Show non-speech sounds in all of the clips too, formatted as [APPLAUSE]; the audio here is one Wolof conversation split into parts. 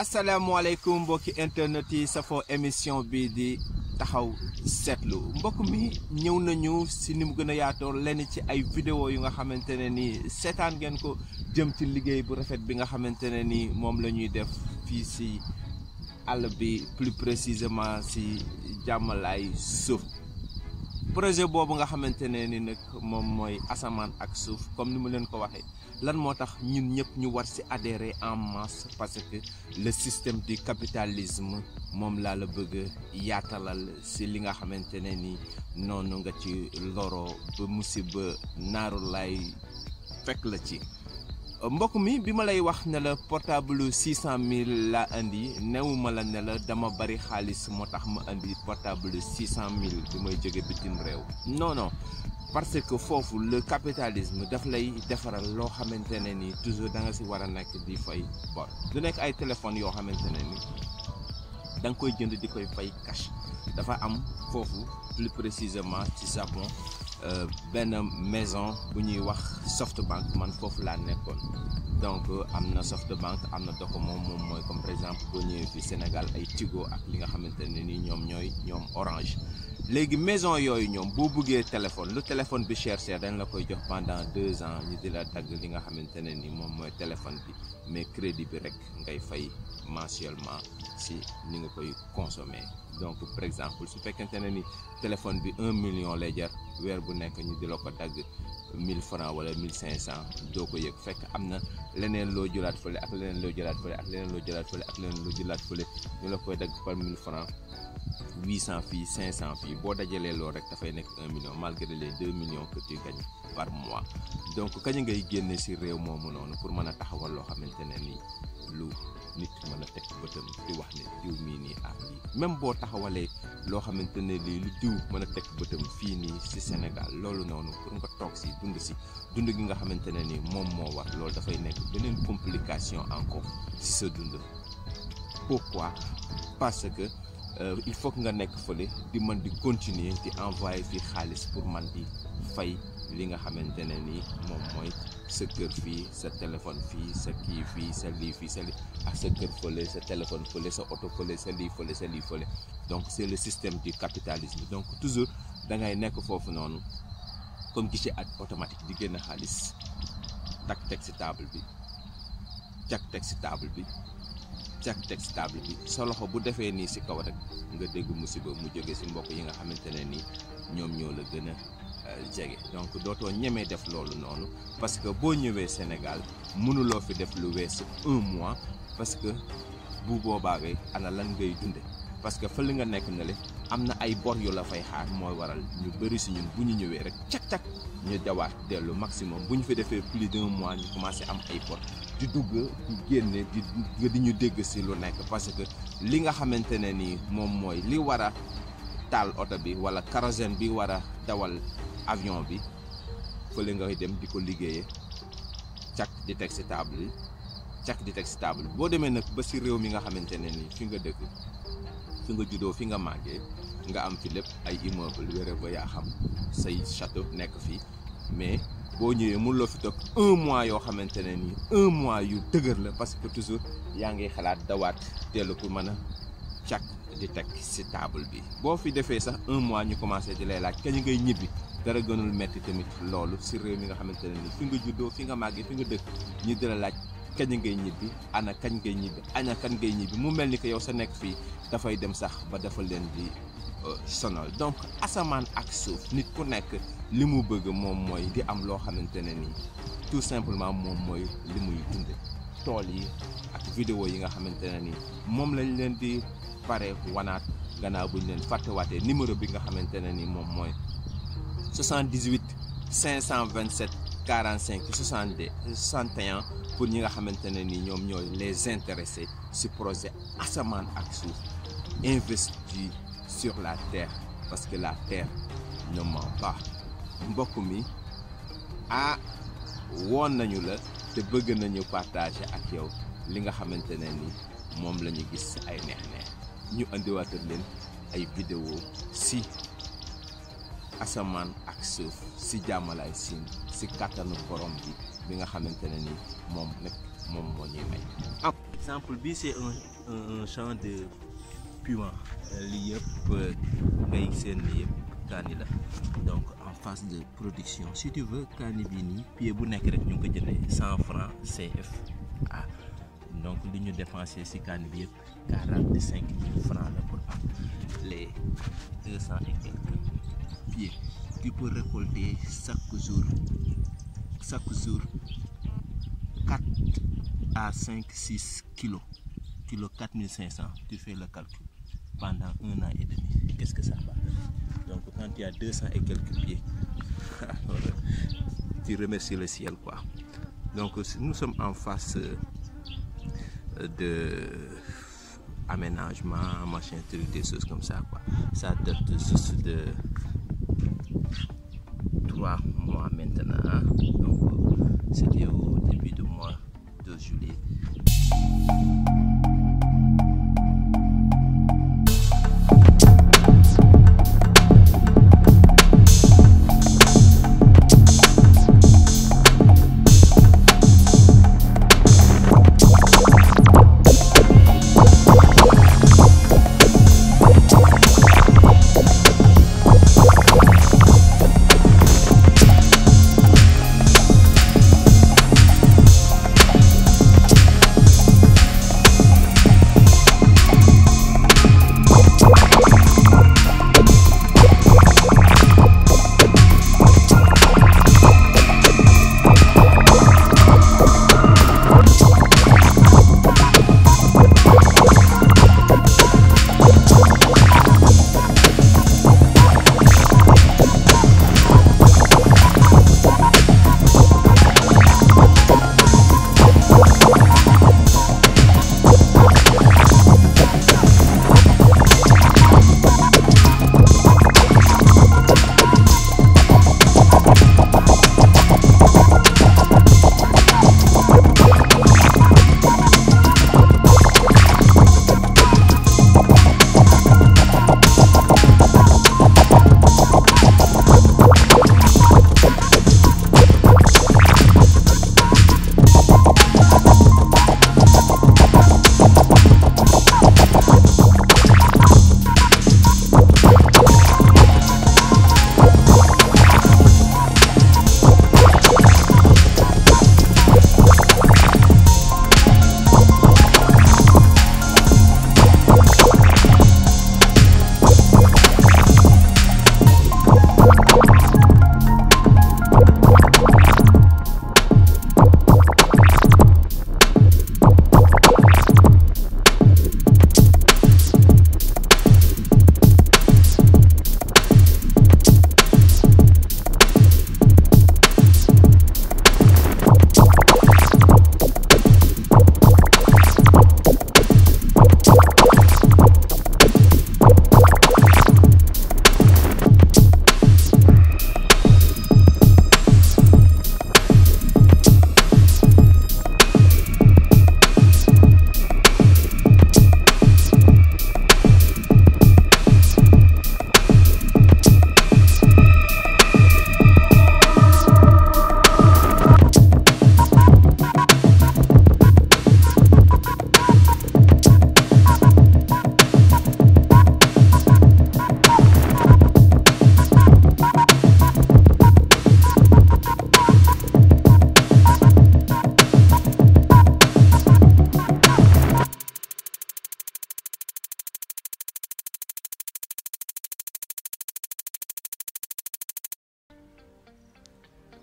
asalaamaaleykum mbokki internet yi safoo émission bi di taxaw seetlu mbokk mi ñëw nañu si ni mu gën a yaatoo lenn ci ay vidéo yu nga xamante ne nii seetaan ngeen ko jëm ci liggéey bu rafet bi nga xamante ne nii moom la ñuy def fii si àll bi plus précisément si jàmmalaay suuf projet boobu nga xamante ne ni nag moom mooy asamaan ak suuf comme ni mu leen ko waxee lan moo tax ñun ñëpp ñu war ci adhérer en masse parce que le système di capitalisme moom laa la bëgg yaatalal ci li nga xamante ne ni noonu nga ci loro ba musiba naaru lay fekk la ci mbokk mi bi ma lay wax ne la portable six cent mille laa indi newuma la ne la dama bari xaalis moo tax ma indi portable six cent mille bi may jóge bitim réew non parce que foofu le capitalisme daf lay defaral loo xamante ne ni toujours da nga si war a nekk di fay bor lu nekk ay téléphones yoo xamante ne ni koy jënd di koy fay cash dafa am foofu plus précisément ci Japon euh, benn maison bu ñuy wax Softbank man foofu laa nekkoon donc euh, am na Softbank am na Docomo moom mooy comme par exemple boo ñëwee fi Sénégal ay Tigo ak li nga xamante ne ni ñoom ñooy ñoom Orange léegi maison yooyu ñoom boo buggee téléphone lu téléphone bi cher cher dañ la koy jox pendant ans ñu di la dagg li nga xamante ne ni moom mooy téléphone bi mais crédit bi rek ngay fay mensuellement si ni nga koy consommer donc par exemple su fekkente ne ni téléphone bi un million lay jar weer bu nekk ñu di la ko dagg 1000 francs wala 1500 doo ko yëg fekk am na leneen loo jëlaat fële ak leneen loo jëlaat fële ak leneen loo jëlaat fële ak leneen loo jëlaat fële ñu la koy dagg par 1000 francs 800 fii fii boo dajalee loolu rek dafay nekk 1 million malgré les 2 millions que tu gagnes mois donc kañ ngay génne si réew moomu noonu pour mën a taxawal loo xamante ne nii lu nit mën a teg bëtam di wax ne diw mii nii ah lii même boo taxawalee loo xamante ne lu diw mën a teg bëtam fii Sénégal loolu noonu pour nga toog si dund si dund gi nga xamante ne ni moom moo war loolu dafay nekk beneen complication encore si sa dund pourquoi parce que euh, il faut que nga nekk fële di man di continuer di envoyer fii xaalis pour man di fay li nga xamante ne ni moom mooy sa kër fii sa téléphone fii sa kii fii sa lii fii sa lii ak sa kër fële sa téléphone fële sa oto fële sa lii fële sa lii fële donc c'est le système du capitalisme donc toujours da ngay nekk foofu noonu comme guichet ak automatique di génn xaalis tak teg si table bi cak teg si table bi cak teg si table bi sa loxo bu defee nii si kaw rek nga dégg musiba mu jóge si mbokk yi nga xamante ne nii ñoom ñoo la gën a euh, jege donc dootoo ñemee def loolu noonu parce que boo ñëwee Sénégal mënuloo fi def lu wees un mois parce que bu boobaa ana lan ngay dunde parce que fa li nga nekk na le am na ay bor yu la fay xaar mooy waral ñu bëri si ñun bu ñu ñëwee rek cak-cak ñu dawaat dellu maximum bu ñu fi defee plus d'un mois ñu commencé am ay bor di dugg di génne di di ñu dégg si lu nekk parce que li nga xamante ne nii moom mooy li war a taal oto bi wala kérosène bi war a dawal avion bi fële ngay dem di ko liggéeyee cak di teg si table yi cak di teg si table boo demee nag ba si réew mi nga xamante ne nii fi nga dëkk fi nga juddoo fi nga màggee nga am fi lépp ay immeuble wéré ba yaa xam say château nekk fii mais boo ñëwee mun loo fi toog un mois yoo xamante ne nii un mois yu dëgër la parce que toujours yaa ngiy xalaat dawaat teelu pour mën a càkk di teg si table bi boo fi defee sax un mois ñu commencé di lay laaj kañ ngay ñibbi dara gënul metti tamit loolu si réew mi nga xamante ne nii fi nga juddoo fi nga màggee fi nga dëkk ñu di la laaj kañ ngay ñibbi ana kañ ngay ñibbi ana kañ ngay ñibbi mu mel ni que yow sa nekk fii dafay dem sax ba dafa leen di euh, sonal donc asamaan ak suuf nit ku nekk li mu bëgg moom mooy di am loo xamante ne nii tout simplement moom mooy li muy dund tool yi ak vidéo yi nga xamante ne ni moom lañ leen di pare wanaat gannaaw buñ leen leen waatee numéro bi nga xamante ne ni moom mooy 78 527. 45 62 61 pour ñi nga xamante ne ni ñoom ñooy les intéressés si projet asamaan ak suuf investir sur la terre parce que la terre ne ment mbokk mi ah woon nañu la te bëgg nañu partager ak yow li nga xamante ne ni moom la ñu gis ay neex-neex ñu indiwaatal leen ay vidéo si asamaan ak suuf si jàmmalaay siin si kàttanu borom bi bi nga xamante ne ni moom nag moom moo ñuy may. exemple bi c'est un un champ de piment. lii yëpp euh, ngay seen lii yëpp kaani la donc en phase de production si tu veux kaani bii nii pied bu nekk rek ñu ngi ko jëndee cent franc CFA donc li ñu si kaani bi la pour am les pied qu'il peut récolter chaque jour chaque jour 4 à 5 kilo 4500 tu fais le calcul pendant un an et demi qu'est-ce que ça va donc quand il a et quelques pieds [LAUGHS] tu remercies le ciel quoi donc nous sommes en face euh, de aménagement machin truc des choses comme ça quoi ça date juste de trois mois maintenant. Donc, euh, c'était au début du mois de juillet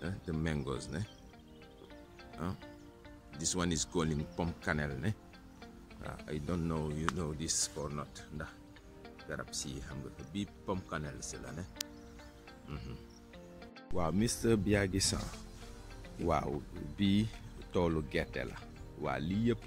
uh, the mangoes ne uh, this one is waaw uh, I don't know you ndax garab si xam nga ko bii pom mhm. waaw bii toolu gerte la waaw lii yëpp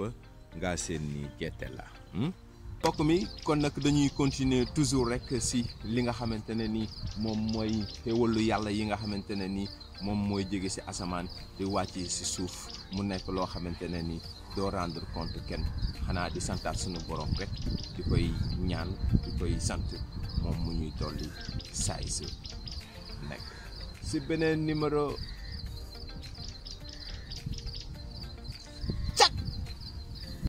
ngaa seen ni gerte la hmm? mbokk mi kon nag dañuy continuer toujours rek si li nga xamante ne ni moom mooy xéwalu yàlla yi nga xamante ne ni moom mooy jóge si asamaan di wàcc si suuf mu nekk loo xamante ne ni doo rendre compte kenn xanaa di santaat suñu borom rek di koy ñaan di koy sant moom mu ñuy dolli saay si nekk si beneen numéro